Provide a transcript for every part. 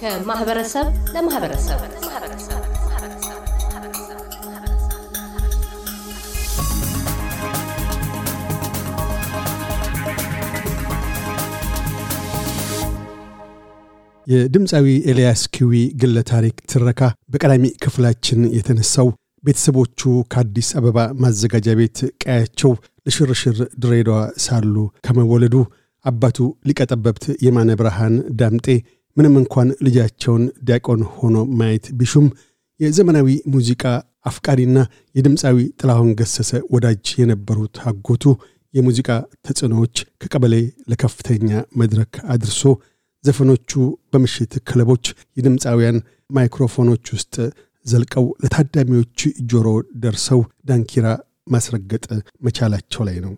ከማህበረሰብ ለማህበረሰብ የድምፃዊ ኤልያስ ኪዊ ግለ ታሪክ ትረካ በቀዳሚ ክፍላችን የተነሳው ቤተሰቦቹ ከአዲስ አበባ ማዘጋጃ ቤት ቀያቸው ለሽርሽር ድሬዳዋ ሳሉ ከመወለዱ አባቱ ሊቀጠበብት የማነ ብርሃን ዳምጤ ምንም እንኳን ልጃቸውን ዲያቆን ሆኖ ማየት ቢሹም የዘመናዊ ሙዚቃ አፍቃሪና የድምፃዊ ጥላሁን ገሰሰ ወዳጅ የነበሩት አጎቱ የሙዚቃ ተጽዕኖዎች ከቀበሌ ለከፍተኛ መድረክ አድርሶ ዘፈኖቹ በምሽት ክለቦች፣ የድምፃውያን ማይክሮፎኖች ውስጥ ዘልቀው ለታዳሚዎች ጆሮ ደርሰው ዳንኪራ ማስረገጥ መቻላቸው ላይ ነው።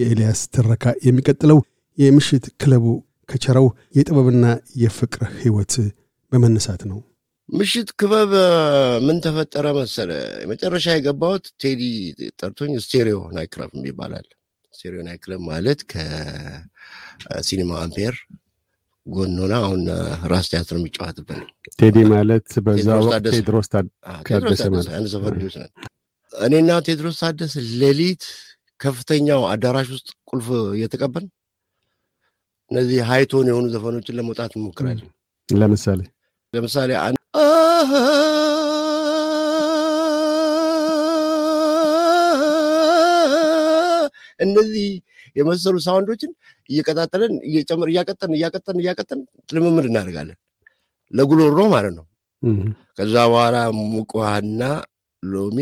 የኤልያስ ትረካ የሚቀጥለው የምሽት ክለቡ ከቸረው የጥበብና የፍቅር ህይወት በመነሳት ነው። ምሽት ክበብ ምን ተፈጠረ መሰለ፣ መጨረሻ የገባሁት ቴዲ ጠርቶኝ ስቴሪዮ ናይክለብ ይባላል። ስቴሪዮ ናይክለብ ማለት ከሲኒማ አምፔር ጎን ሆና አሁን ራስ ቲያትር የሚጫወትበት ቴዲ ማለት በዛ ወቅት ቴድሮስ ታደሰ ማለት እኔና ቴድሮስ ታደሰ ሌሊት ከፍተኛው አዳራሽ ውስጥ ቁልፍ እየተቀበል እነዚህ ሀይቶን የሆኑ ዘፈኖችን ለመውጣት እንሞክራለን። ለምሳሌ ለምሳሌ እነዚህ የመሰሉ ሳውንዶችን እየቀጣጠለን እየጨመር እያቀጠን እያቀጠን እያቀጠን ልምምድ እናደርጋለን ለጉሎሮ ማለት ነው። ከዛ በኋላ ሙቋና ሎሚ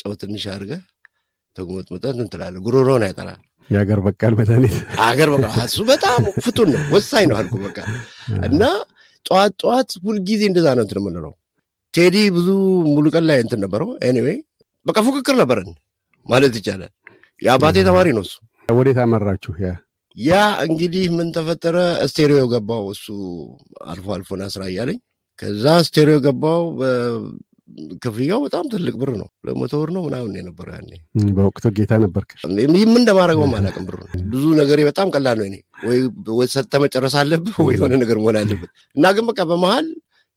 ጨው ትንሽ አድርገ ተጎመጥመጠት እንትላለ ጉሮሮን ያጠራል። የሀገር በቃል መድኃኒት ሀገር በቃል እሱ በጣም ፍቱን ነው፣ ወሳኝ ነው አልኩ በቃ እና ጠዋት ጠዋት ሁልጊዜ እንደዛ ነው እንትን የምንለው። ቴዲ ብዙ ሙሉቀን ላይ እንትን ነበረው። ኤኒዌይ በቃ ፉክክር ነበረን ማለት ይቻላል። የአባቴ ተማሪ ነው እሱ። ወዴት አመራችሁ? ያ ያ እንግዲህ ምን ተፈጠረ? ስቴሪዮ ገባው። እሱ አልፎ አልፎ ና ስራ እያለኝ ከዛ ስቴሪዮ ገባው። ክፍያው በጣም ትልቅ ብር ነው፣ ለመቶ ብር ነው ምናምን የነበረ ያኔ። በወቅቱ ጌታ ነበር። ምን እንደማደርገው ማላውቅም ብር ነው። ብዙ ነገር በጣም ቀላል ነው። እኔ ወይ ሰጥተህ መጨረስ አለብህ ወይ የሆነ ነገር መሆን አለበት እና ግን በቃ በመሀል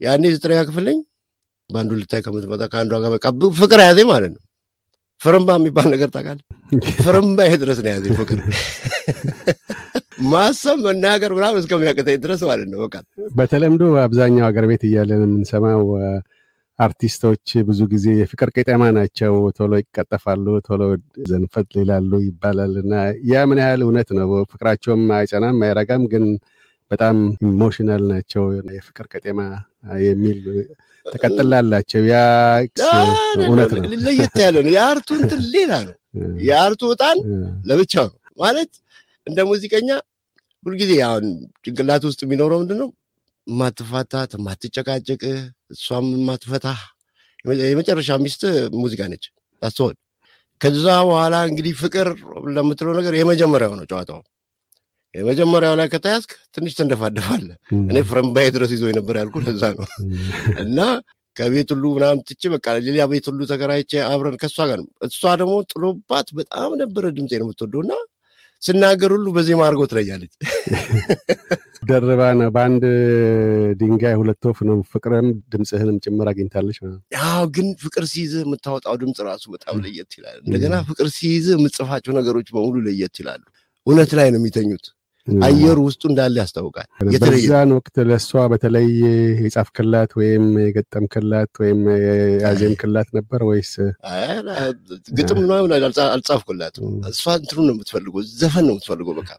ያኔ ዘጠነኛ ክፍል ነኝ። በአንዱ ልታይ ከምትመጣ ከአንዷ ጋር በቃ ፍቅር ያዘኝ ማለት ነው። ፍርምባ የሚባል ነገር ታውቃለህ? ፍርምባ ይሄ ድረስ ነው ያዘ ፍቅር ማሰብ መናገር ምናምን እስከሚያቅተኝ ድረስ ማለት ነው። በቃ በተለምዶ አብዛኛው ሀገር ቤት እያለን የምንሰማው አርቲስቶች ብዙ ጊዜ የፍቅር ቄጠማ ናቸው፣ ቶሎ ይቀጠፋሉ፣ ቶሎ ዘንፈት ሌላሉ ይባላል እና ያ ምን ያህል እውነት ነው? ፍቅራቸውም አይጸናም አይረጋም፣ ግን በጣም ኢሞሽናል ናቸው የፍቅር ቄጠማ የሚል ተቀጥላላቸው። ያ እውነት ነው፣ ለየት ያለ ነው። የአርቱ እንትን ሌላ ነው። የአርቱ እጣን ለብቻው ነው ማለት እንደ ሙዚቀኛ ሁልጊዜ አሁን ጭንቅላት ውስጥ የሚኖረው ምንድን ነው? የማትፋታት የማትጨቃጭቅ፣ እሷም የማትፈታ የመጨረሻ ሚስት ሙዚቃ ነች ታስተሆን። ከዛ በኋላ እንግዲህ ፍቅር ለምትለው ነገር የመጀመሪያው ነው ጨዋታው የመጀመሪያው ላይ ከተያዝክ ትንሽ ትንደፋደፋለ። እኔ ፍረምባይ ድረስ ይዞ የነበር ያልኩ ለዛ ነው። እና ከቤት ሁሉ ምናምን ትቼ በቃ ሌላ ቤት ሁሉ ተከራይቼ አብረን ከእሷ ጋር እሷ ደግሞ ጥሎባት በጣም ነበረ ድምፄ ነው የምትወደው እና ስናገር ሁሉ በዜማ አድርገው ትለያለች። ደርባ ነው በአንድ ድንጋይ ሁለት ወፍ ነው። ፍቅርም ድምፅህንም ጭምር አግኝታለች። ያው ግን ፍቅር ሲይዝ የምታወጣው ድምፅ ራሱ በጣም ለየት ይላል። እንደገና ፍቅር ሲይዝ የምጽፋቸው ነገሮች በሙሉ ለየት ይላሉ። እውነት ላይ ነው የሚተኙት። አየሩ ውስጡ እንዳለ ያስታውቃል። በዛን ወቅት ለእሷ በተለይ የጻፍ ክላት ወይም የገጠም ክላት ወይም ክላት ነበር ወይስ ግጥም ምናምን አልጻፍኩላትም። እሷ እንትኑ ነው የምትፈልጉ፣ ዘፈን ነው የምትፈልጉ። በቃ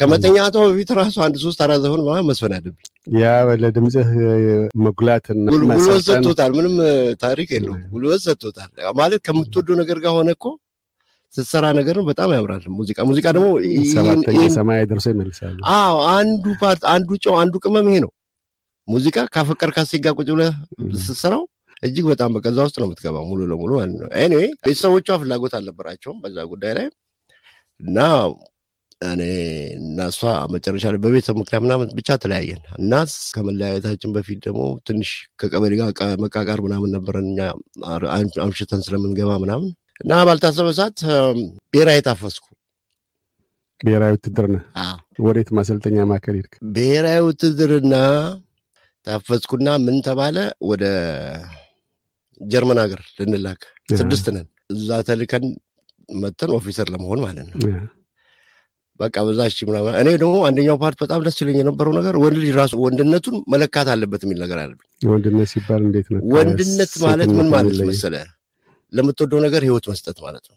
ከመተኛቷ በፊት ራሱ አንድ ሶስት አራት ዘፈን ምናምን መስፈን አለብኝ። ያ ለድምፅህ መጉላት ጉልበት ሰጥቶታል። ምንም ታሪክ የለውም። ጉልበት ሰጥቶታል ማለት ከምትወደው ነገር ጋር ሆነ እኮ ስትሰራ ነገር በጣም ያምራል። ሙዚቃ ሙዚቃ ደግሞ ሰማይ ደርሶ ይመልሳሉ አዎ አንዱ ፓርት፣ አንዱ ጨው፣ አንዱ ቅመም ይሄ ነው። ሙዚቃ ካፈቀር ካሴጋ ጋር ቁጭ ብለህ ስትሰራው እጅግ በጣም በቃ እዛ ውስጥ ነው የምትገባው ሙሉ ለሙሉ ማለት ነው። ኤኒዌይ ቤተሰቦቿ ፍላጎት አልነበራቸውም በዛ ጉዳይ ላይ እና እኔ እና እሷ መጨረሻ ላይ በቤተሰብ ምክንያት ምናምን ብቻ ተለያየን እና ከመለያየታችን በፊት ደግሞ ትንሽ ከቀበሌ ጋር መቃቃር ምናምን ነበረን እኛ አምሽተን ስለምንገባ ምናምን እና ባልታሰበ ሰዓት ብሔራዊ ታፈስኩ። ብሔራዊ ውትድርና ወዴት ማሰልጠኛ ማዕከል ሄድክ? ብሔራዊ ውትድርና ታፈስኩና ምን ተባለ፣ ወደ ጀርመን ሀገር ልንላክ ስድስት ነን። እዛ ተልከን መተን ኦፊሰር ለመሆን ማለት ነው። በቃ በዛ እሺ ምናምን። እኔ ደግሞ አንደኛው ፓርት በጣም ደስ ይለኝ የነበረው ነገር ወንድ ልጅ ራሱ ወንድነቱን መለካት አለበት የሚል ነገር አለ። ወንድነት ሲባል እንዴት ነው? ወንድነት ማለት ምን ማለት መሰለህ? ለምትወደው ነገር ህይወት መስጠት ማለት ነው።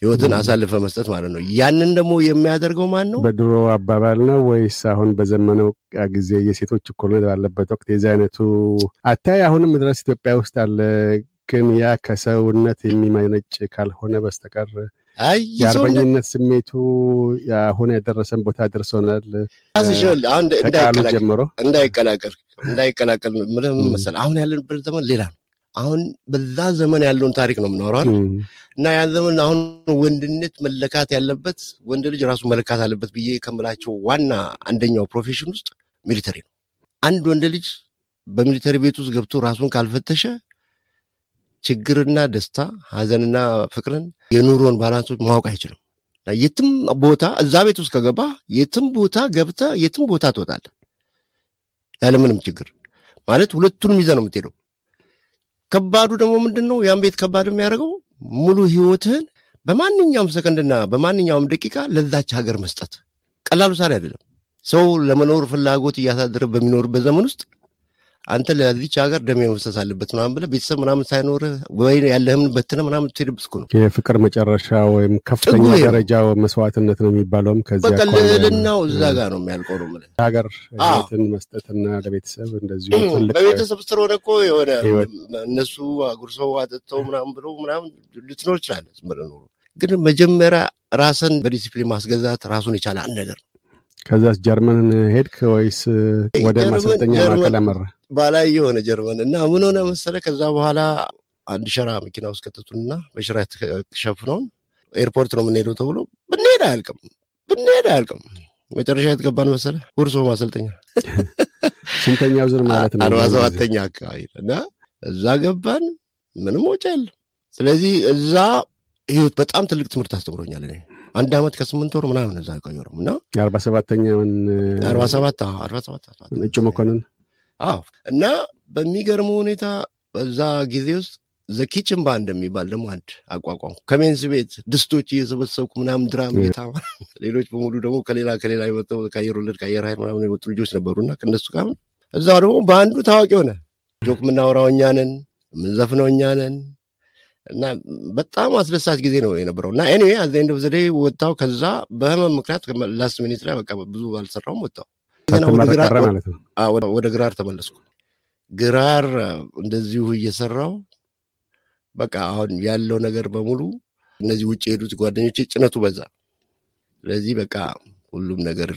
ህይወትን አሳልፈ መስጠት ማለት ነው። ያንን ደግሞ የሚያደርገው ማን ነው? በድሮ አባባል ነው ወይስ አሁን በዘመነው ጊዜ የሴቶች እኩልነት ባለበት ወቅት የዚህ አይነቱ አታይ አሁንም ድረስ ኢትዮጵያ ውስጥ አለ። ግን ያ ከሰውነት የሚመነጭ ካልሆነ በስተቀር የአርበኝነት ስሜቱ አሁን ያደረሰን ቦታ ደርሶናል። ቃሉ ጀምሮ እንዳይቀላቀል እንዳይቀላቀል ምልህ መሰለህ አሁን ያለንበት ዘመን ሌላ ነው። አሁን በዛ ዘመን ያለውን ታሪክ ነው የምኖረዋል እና ያ ዘመን አሁን ወንድነት መለካት ያለበት ወንድ ልጅ ራሱ መለካት አለበት ብዬ ከምላቸው ዋና አንደኛው ፕሮፌሽን ውስጥ ሚሊተሪ ነው። አንድ ወንድ ልጅ በሚሊተሪ ቤት ውስጥ ገብቶ ራሱን ካልፈተሸ ችግርና ደስታ፣ ሀዘንና ፍቅርን፣ የኑሮን ባላንሶች ማወቅ አይችልም። የትም ቦታ እዛ ቤት ውስጥ ከገባ የትም ቦታ ገብተ የትም ቦታ ትወጣለ ያለምንም ችግር ማለት ሁለቱንም ይዘ ነው የምትሄደው። ከባዱ ደግሞ ምንድን ነው? ያን ቤት ከባድ የሚያደርገው ሙሉ ህይወትህን በማንኛውም ሰከንድና በማንኛውም ደቂቃ ለዛች ሀገር መስጠት ቀላሉ ሳሪ አይደለም። ሰው ለመኖር ፍላጎት እያሳደረ በሚኖርበት ዘመን ውስጥ አንተ ለዚች ሀገር ደም መፍሰስ አለበት ምናምን ብለህ ቤተሰብ ምናምን ሳይኖርህ ወይ ያለህም በትነ ምናምን ትሄድብስኩ ነው። የፍቅር መጨረሻ ወይም ከፍተኛ ደረጃ መስዋዕትነት ነው የሚባለውም ከዚህ ልዕልናው እዛ ጋር ነው የሚያልቀው ነው የምልህ። ሀገር ህይወትን መስጠትና ለቤተሰብ እንደዚሁ በቤተሰብ ስትሮነ እኮ የሆነ እነሱ አጉርሰው አጠጥተው ምናምን ብለው ምናምን ልትኖር ይችላለ። ዝም ብለህ ኖሮ ግን መጀመሪያ ራስን በዲሲፕሊን ማስገዛት ራሱን የቻለ አንድ ነገር ነው። ከዛስ ጀርመን ሄድክ ወይስ ወደ ማሰልጠኛ ማዕከል አመራ? ባላይ የሆነ ጀርመን እና ምን ሆነ መሰለ፣ ከዛ በኋላ አንድ ሸራ መኪና ውስጥ ከተቱንና በሸራ ተሸፍነውን ኤርፖርት ነው የምንሄደው ተብሎ ብንሄድ አያልቅም ብንሄድ አያልቅም። መጨረሻ የተገባን መሰለ ሁርሶ ማሰልጠኛ ስንተኛው ዙር ማለት ነው? አርባ ሰባተኛ አካባቢ እና እዛ ገባን። ምንም ወጪ የለም። ስለዚህ እዛ ህይወት በጣም ትልቅ ትምህርት አስተምሮኛል እኔ አንድ ዓመት ከስምንት ወር ምናምን እዛ ቀየሩም እና አርባ ሰባተኛውን አርባ ሰባት አርባ ሰባት እጩ መኮንን አዎ እና በሚገርሙ ሁኔታ በዛ ጊዜ ውስጥ ዘኪችን ባንድ የሚባል ደግሞ አንድ አቋቋሙ። ከሜንስ ቤት ድስቶች እየሰበሰብኩ ምናምን ድራም ጌታ ሌሎች በሙሉ ደግሞ ከሌላ ከሌላ የመጣው ከአየር ወለድ ከአየር ኃይል ምናምን የመጡ ልጆች ነበሩ እና ከእነሱ ጋር እዛ ደግሞ በአንዱ ታዋቂ ሆነ። ጆክ የምናወራው እኛ ነን፣ የምንዘፍነው እኛ ነን፣ እና በጣም አስደሳች ጊዜ ነው የነበረው። እና ኤኒዌ አዘ ኤንድ ኦፍ ዘ ዴይ ወጣው። ከዛ በህመም ምክንያት ላስት ሚኒት ላይ በቃ ብዙ ባልሰራውም ወጣው። ወደ ግራር ተመለስኩ። ግራር እንደዚሁ እየሰራው በቃ አሁን ያለው ነገር በሙሉ እነዚህ ውጭ የሄዱት ጓደኞች ጭነቱ በዛ። ስለዚህ በቃ ሁሉም ነገር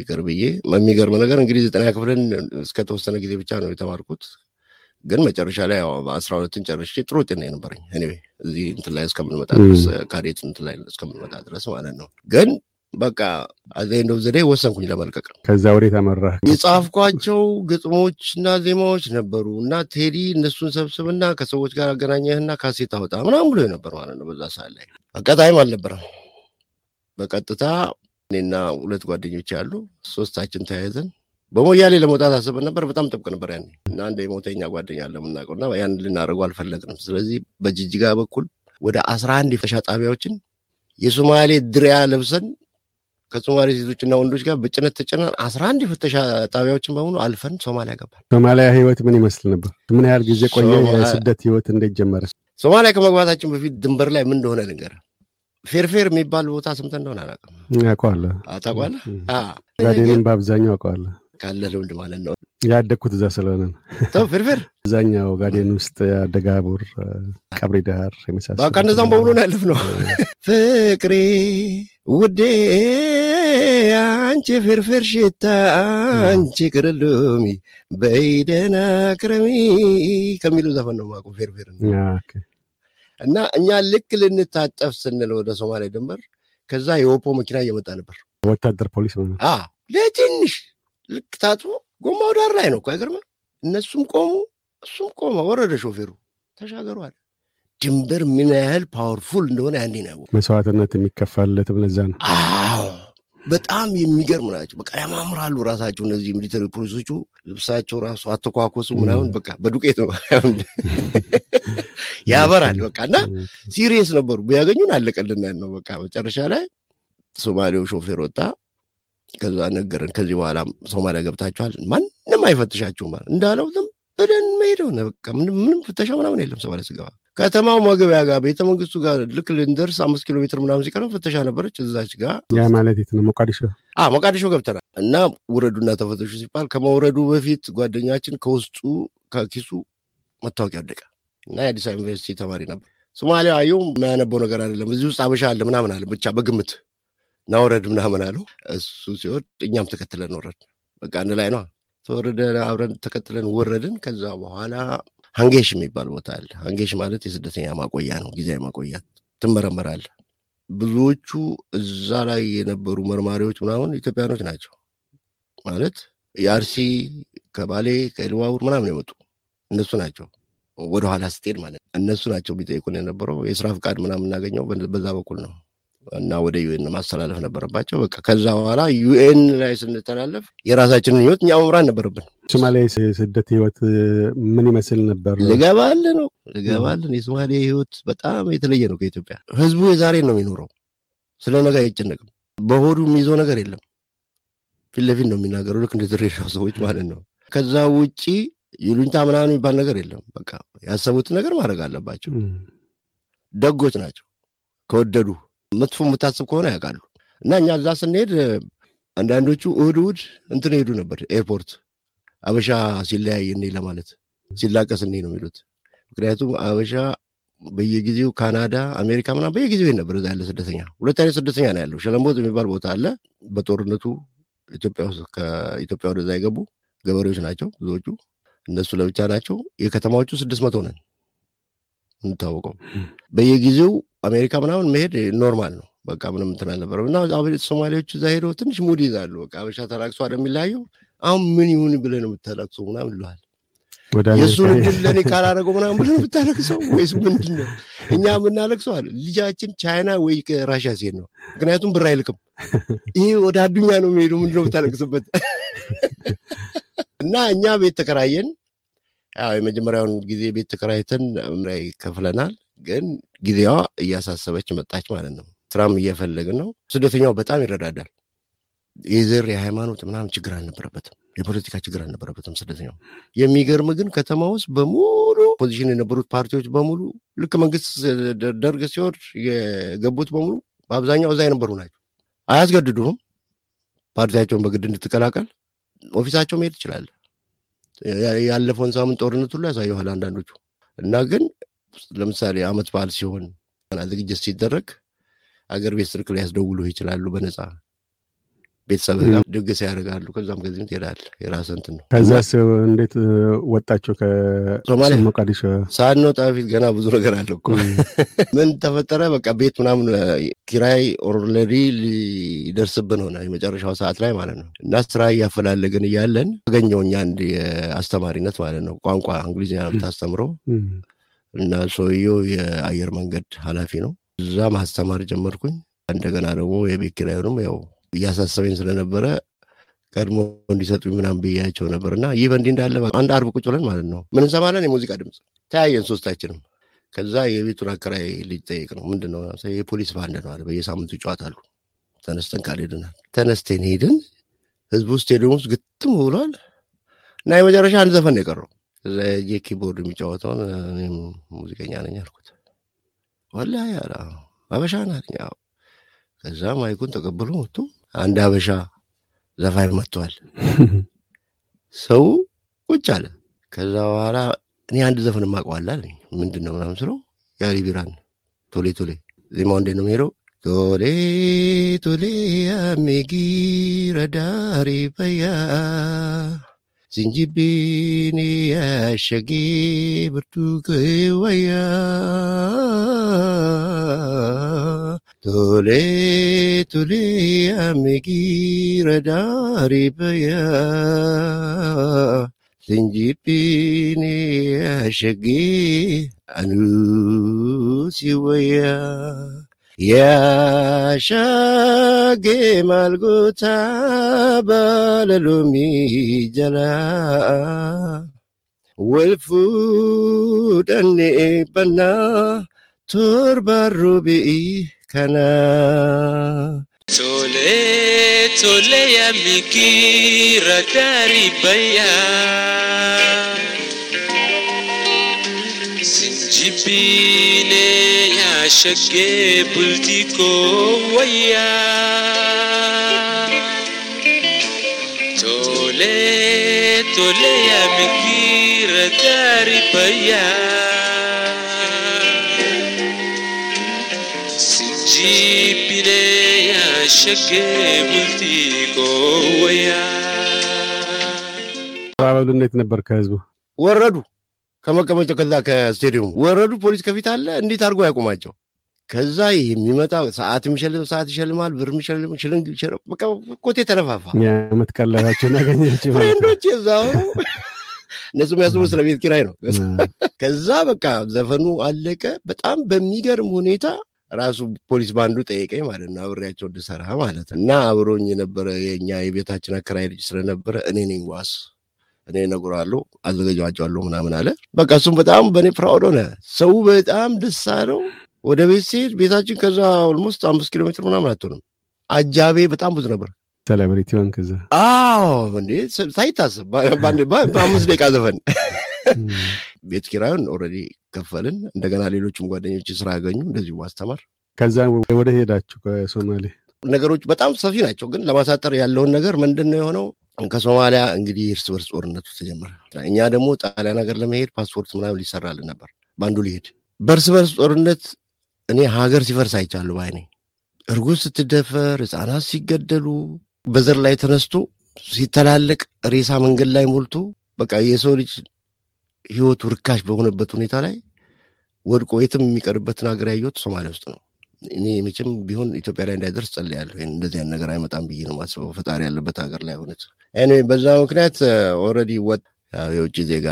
ይቅር ብዬ የሚገርም ነገር እንግዲህ ዘጠና ክፍልን እስከተወሰነ ጊዜ ብቻ ነው የተማርኩት። ግን መጨረሻ ላይ አስራ ሁለትን ጨርሼ ጥሩ ጤና ነው የነበረኝ። እኔ እዚህ እንትን ላይ እስከምንመጣ ድረስ ካዴት እንትን ላይ እስከምንመጣ ድረስ ማለት ነው። ግን በቃ አዘንዶ ዘዴ ወሰንኩኝ ለመልቀቅ። ከዛ ወደ ተመራ የጻፍኳቸው ግጥሞች እና ዜማዎች ነበሩ እና ቴዲ እነሱን ሰብስብና ከሰዎች ጋር አገናኘህና ካሴት አውጣ ምናም ብሎ የነበር ማለት ነው። በዛ ሰዓት ላይ አጋጣሚም አልነበረም። በቀጥታ እኔና ሁለት ጓደኞች ያሉ ሶስታችን ተያይዘን በሞያሌ ለመውጣት አስበን ነበር። በጣም ጥብቅ ነበር ያኔ እና አንድ የሞተኛ ጓደኛ ለምናውቀው እና ያን ልናደርጉ አልፈለግንም። ስለዚህ በጅጅጋ በኩል ወደ አስራ አንድ የፈሻ ጣቢያዎችን የሶማሌ ድሪያ ለብሰን ከሶማሌ ሴቶችና ወንዶች ጋር በጭነት ተጭነን አስራ አንድ የፍተሻ ጣቢያዎችን በሙሉ አልፈን ሶማሊያ ገባል። ሶማሊያ ህይወት ምን ይመስል ነበር? ምን ያህል ጊዜ ቆየ? የስደት ህይወት እንዴት ጀመረ? ሶማሊያ ከመግባታችን በፊት ድንበር ላይ ምን እንደሆነ ልንገር። ፌርፌር የሚባል ቦታ ስምተ እንደሆነ አላውቅም። አውቀዋለሁ። ታውቀዋለህ? ጋዴንም በአብዛኛው አውቀዋለሁ። ካለ ልምድ ማለት ነው። ያደግኩት እዛ ስለሆነ ሰው ፍርፍር እዛኛው ጋዴን ውስጥ ያደጋቡር ቀብሪ ዳር የመሳሰሉ በቃ እነዛም በሙሉ ያለፍ ነው። ፍቅሬ ውዴ አንቺ ፍርፍር ሽታ አንቺ ቅርሉሚ በይደና ክረሚ ከሚሉ ዘፈን ነው ማቁ ፍርፍር እና እኛ ልክ ልንታጠፍ ስንል ወደ ሶማሌ ድንበር ከዛ የኦፖ መኪና እየመጣ ነበር ወታደር ፖሊስ ለትንሽ ልክ ታጥቦ ጎማው ዳር ላይ ነው እኮ አይገርምም? እነሱም ቆሙ፣ እሱም ቆመ፣ ወረደ፣ ሾፌሩ ተሻገሯል። ድንበር ምን ያህል ፓወርፉል እንደሆነ ያንዴ ነው መስዋዕትነት የሚከፈልለት ለዛ ነው። አዎ በጣም የሚገርም ናቸው። በቃ ያማምራሉ ራሳቸው እነዚህ ሚሊተሪ ፖሊሶቹ ልብሳቸው ራሱ አተኳኮሱ ምናምን በቃ በዱቄት ነው ያበራል። በቃ እና ሲሪየስ ነበሩ። ቢያገኙን አለቀልና ነው በቃ መጨረሻ ላይ ሶማሌው ሾፌር ወጣ ከዛ ነገርን ከዚህ በኋላ ሶማሊያ ገብታችኋል ማንም አይፈትሻችሁ ማለት እንዳለው ዝም ብለን መሄደው ሆነ በቃ ምንም ፍተሻ ምናምን የለም ሶማሊያ ስገባ ከተማው መግቢያ ጋር ቤተ መንግስቱ ጋር ልክ ልንደርስ አምስት ኪሎ ሜትር ምናምን ሲቀረም ፍተሻ ነበረች እዛች ጋር ያ ማለት የት ነው ሞቃዲሾ ሞቃዲሾ ገብተናል እና ውረዱና ተፈተሹ ሲባል ከመውረዱ በፊት ጓደኛችን ከውስጡ ከኪሱ መታወቂያ ወደቀ እና የአዲስ ዩኒቨርሲቲ ተማሪ ነበር ሶማሊያ አየው የሚያነበው ነገር አይደለም እዚህ ውስጥ አበሻ አለ ምናምን አለ ብቻ በግምት ናውረድ ምናምን አሉ። እሱ ሲወርድ እኛም ተከትለን ወረድን። በቃ አንድ ላይ ነው ተወረደ። አብረን ተከትለን ወረድን። ከዛ በኋላ ሀንጌሽ የሚባል ቦታ አለ። ሀንጌሽ ማለት የስደተኛ ማቆያ ነው፣ ጊዜያዊ ማቆያ። ትመረመራለ። ብዙዎቹ እዛ ላይ የነበሩ መርማሪዎች ምናምን ኢትዮጵያኖች ናቸው። ማለት የአርሲ ከባሌ ከኢሉባቡር ምናምን የመጡ እነሱ ናቸው። ወደኋላ ስትሄድ ማለት እነሱ ናቸው የሚጠይቁን የነበረው። የስራ ፍቃድ ምናምን እናገኘው በዛ በኩል ነው። እና ወደ ዩኤን ማስተላለፍ ነበረባቸው። በቃ ከዛ በኋላ ዩኤን ላይ ስንተላለፍ የራሳችንን ህይወት እኛ መምራት ነበረብን። ሶማሌ ስደት ህይወት ምን ይመስል ነበር? ልገባል ነው ልገባልን። የሶማሌ ህይወት በጣም የተለየ ነው ከኢትዮጵያ። ህዝቡ የዛሬ ነው የሚኖረው፣ ስለ ነገ አይጨነቅም። በሆዱ የሚይዘው ነገር የለም። ፊት ለፊት ነው የሚናገሩ ልክ እንደ ድሬዳዋ ሰዎች ማለት ነው። ከዛ ውጪ ይሉኝታ ምናምን የሚባል ነገር የለም። በቃ ያሰቡት ነገር ማድረግ አለባቸው። ደጎች ናቸው ከወደዱ መጥፎ የምታስብ ከሆነ ያውቃሉ። እና እኛ እዛ ስንሄድ አንዳንዶቹ እሁድ እሁድ እንትን ሄዱ ነበር ኤርፖርት አበሻ ሲለያይ እኔ ለማለት ሲላቀስ እኔ ነው የሚሉት። ምክንያቱም አበሻ በየጊዜው ካናዳ፣ አሜሪካ ምናምን በየጊዜው ይሄድ ነበር። እዛ ያለ ስደተኛ ሁለት አይነት ስደተኛ ነው ያለው። ሸለንቦጥ የሚባል ቦታ አለ። በጦርነቱ ኢትዮጵያ ውስጥ ከኢትዮጵያ ወደዛ የገቡ ገበሬዎች ናቸው ብዙዎቹ፣ እነሱ ለብቻ ናቸው። የከተማዎቹ ስድስት መቶ ነን የምታወቀው በየጊዜው አሜሪካ ምናምን መሄድ ኖርማል ነው። በቃ ምንም እንትን አልነበረም። እና ሶማሌዎቹ እዛ ሄደው ትንሽ ሙድ ይዛሉ። በቃ አበሻ ተላቅሶ የሚለያየው አሁን ምን ይሁን ብለህ ነው የምታላቅሰው ምናምን ይለዋል። የእሱን እድል ለእኔ ካላደረገው ምናምን ብለህ ነው የምታለቅሰው ወይስ ምንድን ነው? እኛ የምናለቅሰው አለ ልጃችን ቻይና ወይ ራሽያ ሲሄድ ነው። ምክንያቱም ብር አይልክም። ይሄ ወደ አዱኛ ነው የሚሄዱ ምንድን ነው የምታለቅስበት? እና እኛ ቤት ተከራየን የመጀመሪያውን ጊዜ ቤት ተከራይተን ላይ ከፍለናል። ግን ጊዜዋ እያሳሰበች መጣች ማለት ነው። ስራም እየፈለግ ነው። ስደተኛው በጣም ይረዳዳል። የዘር የሃይማኖት ምናምን ችግር አልነበረበትም። የፖለቲካ ችግር አልነበረበትም ስደተኛው። የሚገርም ግን ከተማ ውስጥ በሙሉ ፖዚሽን የነበሩት ፓርቲዎች በሙሉ ልክ መንግስት ደርግ ሲወርድ የገቡት በሙሉ በአብዛኛው እዛ የነበሩ ናቸው። አያስገድዱም ፓርቲያቸውን በግድ እንድትቀላቀል ኦፊሳቸው መሄድ ይችላል። ያለፈውን ሳምንት ጦርነት ሁሉ ያሳየዋል አንዳንዶቹ እና ግን ለምሳሌ አመት በዓል ሲሆን ዝግጅት ሲደረግ አገር ቤት ስልክ ላይ ያስደውሉ ይችላሉ በነፃ ቤተሰብ ጋር ድግስ ያደርጋሉ። ከዛም ከዚህም ትሄዳል የራስህ እንትን ነው። ከዛስ እንዴት ወጣቸው ከሶማሊያ ሞቃዲሾ ሳንወጣ በፊት ገና ብዙ ነገር አለ እኮ። ምን ተፈጠረ? በቃ ቤት ምናምን ኪራይ ኦልሬዲ ሊደርስብን ሆነ የመጨረሻው ሰዓት ላይ ማለት ነው። እና ስራ እያፈላለግን እያለን አገኘሁኝ አንድ የአስተማሪነት ማለት ነው ቋንቋ እንግሊዝኛ ነው የምታስተምረው እና ሰውየው የአየር መንገድ ኃላፊ ነው። እዛ ማስተማር ጀመርኩኝ። እንደገና ደግሞ የቤት ኪራዩንም ያው እያሳሰበኝ ስለነበረ ቀድሞ እንዲሰጡ ምናም ብያቸው ነበር እና ይህ በእንዲህ እንዳለ አንድ አርብ ቁጭ ብለን ማለት ነው ምን እንሰማለን? የሙዚቃ ድምፅ ተያየን ሶስታችንም። ከዛ የቤቱን አከራይ ልጅ ጠይቅ ነው ምንድን ነው የፖሊስ ባንድ ነው አለ። በየሳምንቱ ጨዋታ አሉ። ተነስተን ቃል ሄድናል። ተነስተን ሄድን። ህዝቡ ስቴዲየም ውስጥ ግጥም ብሏል እና የመጨረሻ አንድ ዘፈን የቀረው እዛ የቀረው። ኪቦርድ የሚጫወተውን እኔም ሙዚቀኛ ነኝ አልኩት። ወላ አለ አበሻ ናት። ከዛ ማይኩን ተቀብሎ ወጥቶ አንድ አበሻ ዘፋኝ መጥቷል። ሰው ቁጭ አለ። ከዛ በኋላ እኔ አንድ ዘፈን ማቀዋል አለ። ምንድን ነው ምናምን ስለው ያሪ ቢራን ቶሌ ቶሌ ዜማው እንዴት ነው የሚሄደው? ቶሌ ቶሌ አሜጊ ረዳሪ በያ ዝንጅቢን ያሸጌ ብርቱክ ወያ Tole tole amegira daribaya Sinjipini ashagi anu siwaya يا شاقي القتا باللومي جلاء والفود أني بنا تربى الربيع كنا تولي تولي يا مكيرة بيا سنجبيني يا شكي بلتيكو ويا تولي تولي يا مكيرة بيا ጅብኔ ያሸጌ ሙልቲ ጎወያ አቀራረቡ እንዴት ነበር? ከህዝቡ ወረዱ ከመቀመጫው ከዛ ከስቴዲየሙ ወረዱ። ፖሊስ ከፊት አለ። እንዴት አድርጎ ያቆማቸው? ከዛ ይህ የሚመጣ ሰዓት የሚሸልም ሰዓት ይሸልማል፣ ብር የሚሸልም ሽልንግ ኮቴ ተነፋፋ። የምትቀለባቸው ነገኛቸው ፍሬንዶች የዛው እነሱ የሚያስቡ ስለ ቤት ኪራይ ነው። ከዛ በቃ ዘፈኑ አለቀ። በጣም በሚገርም ሁኔታ ራሱ ፖሊስ ባንዱ ጠየቀኝ ማለት ነው። አብሬያቸው እንድሰራ ማለት እና አብሮኝ የነበረ የኛ የቤታችን አከራይ ልጅ ስለነበረ እኔ ነኝ ዋስ እኔ እነግረዋለሁ አዘጋጃቸዋለሁ ምናምን አለ። በቃ እሱም በጣም በእኔ ፕራውድ ሆነ። ሰው በጣም ደስ አለው። ወደ ቤት ሲሄድ ቤታችን ከዛ ኦልሞስት አምስት ኪሎ ሜትር ምናምን አትሆንም። አጃቤ በጣም ብዙ ነበር። ሴሌብሪቲ ወንክ እዛ አዎ፣ እንዴ ሳይታሰብ በአምስት ደቂቃ ዘፈን ቤት ኪራዩን ኦልሬዲ ከፈልን። እንደገና ሌሎችም ጓደኞች ስራ ያገኙ እንደዚሁ ማስተማር። ከዛ ወደ ሄዳችሁ ከሶማሌ ነገሮች በጣም ሰፊ ናቸው። ግን ለማሳጠር ያለውን ነገር ምንድን ነው የሆነው ከሶማሊያ እንግዲህ እርስ በርስ ጦርነቱ ተጀመረ። እኛ ደግሞ ጣሊያን ሀገር ለመሄድ ፓስፖርት ምናምን ሊሰራልን ነበር። በአንዱ ሊሄድ በእርስ በርስ ጦርነት እኔ ሀገር ሲፈርስ አይቻሉ በአይኔ እርጉዝ ስትደፈር፣ ህፃናት ሲገደሉ፣ በዘር ላይ ተነስቶ ሲተላለቅ፣ ሬሳ መንገድ ላይ ሞልቶ በቃ የሰው ልጅ ህይወቱ ርካሽ በሆነበት ሁኔታ ላይ ወድቆ የትም የሚቀርበትን ሀገር ያየሁት ሶማሊያ ውስጥ ነው። እኔ መቼም ቢሆን ኢትዮጵያ ላይ እንዳይደርስ ጸልያለሁ። እንደዚህ ያን ነገር አይመጣም ብዬ ነው ማስበው። ፈጣሪ ያለበት ሀገር ላይ ሆነት ኤኒዌይ በዛ ምክንያት ኦልሬዲ ወጥ የውጭ ዜጋ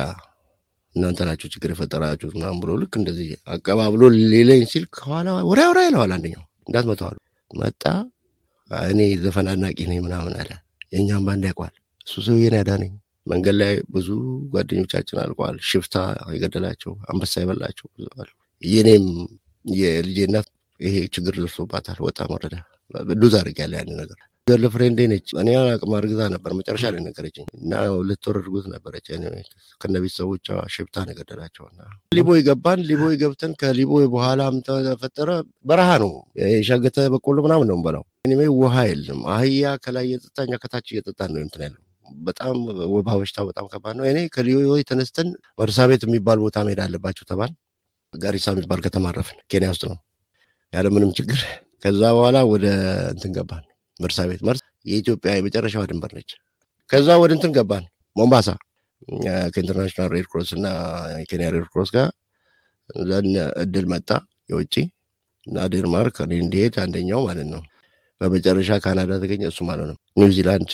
እናንተ ናችሁ ችግር የፈጠራችሁት ምናምን ብሎ ልክ እንደዚህ አቀባብሎ ሌለኝ ሲል ከኋላ ወራ ወራ ይለዋል። አንደኛው እንዳትመተዋሉ መጣ። እኔ ዘፈን አድናቂ ነኝ ምናምን አለ። የእኛም ባንድ ያውቋል። እሱ ሰውዬን ያዳነኝ መንገድ ላይ ብዙ ጓደኞቻችን አልቀዋል። ሽፍታ የገደላቸው አንበሳ የበላቸው ብዙ አሉ። የኔም የልጄ እናት ይሄ ችግር ደርሶባታል። ወጣም ወረዳ ሉዝ አድርጊያለሁ ያን ነገር ገርል ፍሬንዴ ነች። እኔ አቅም አርግዛ ነበር መጨረሻ ላይ ነገረችኝ እና ልትወር እርጉዝ ነበረች። ከነ ቤተሰቦቿ ሽብታ ነው እና ሊቦ ገባን። ሊቦ ገብተን ከሊቦ በኋላ ተፈጠረ በረሃ ነው የሻገተ በቆሎ ምናምን ነው በላው ውሃ የለም። አህያ ከላይ እየጠጣ እኛ ከታች እየጠጣ ነው እንትን ያለው በጣም ወባ በሽታ በጣም ከባድ ነው። እኔ ከሊዮ ተነስተን ቤት የሚባል ቦታ መሄድ አለባቸው ተባል። ጋሪሳ የሚባል ከተማ አረፍን። ኬንያ ውስጥ ነው ያለምንም ችግር። ከዛ በኋላ ወደ እንትን ገባን። ቤት መርስ የኢትዮጵያ የመጨረሻዋ ድንበር ነች። ከዛ ወደ እንትን ገባን ሞምባሳ ከኢንተርናሽናል ሬድ ክሮስ እና ኬንያ ሬድ ክሮስ ጋር ዘን እድል መጣ የውጭ እና ዴንማርክ እንዲሄድ አንደኛው ማለት ነው። በመጨረሻ ካናዳ ተገኘ ማለት ነው። ኒውዚላንድ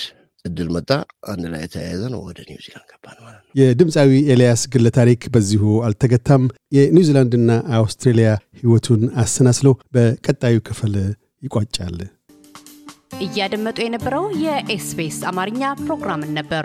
እድል መጣ አንድ ላይ ተያይዘን ወደ ኒውዚላንድ ገባን ማለት ነው። የድምፃዊ ኤልያስ ግለ ታሪክ በዚሁ አልተገታም። የኒውዚላንድና አውስትሬሊያ ህይወቱን አሰናስለው በቀጣዩ ክፍል ይቋጫል። እያደመጡ የነበረው የኤስፔስ አማርኛ ፕሮግራምን ነበር።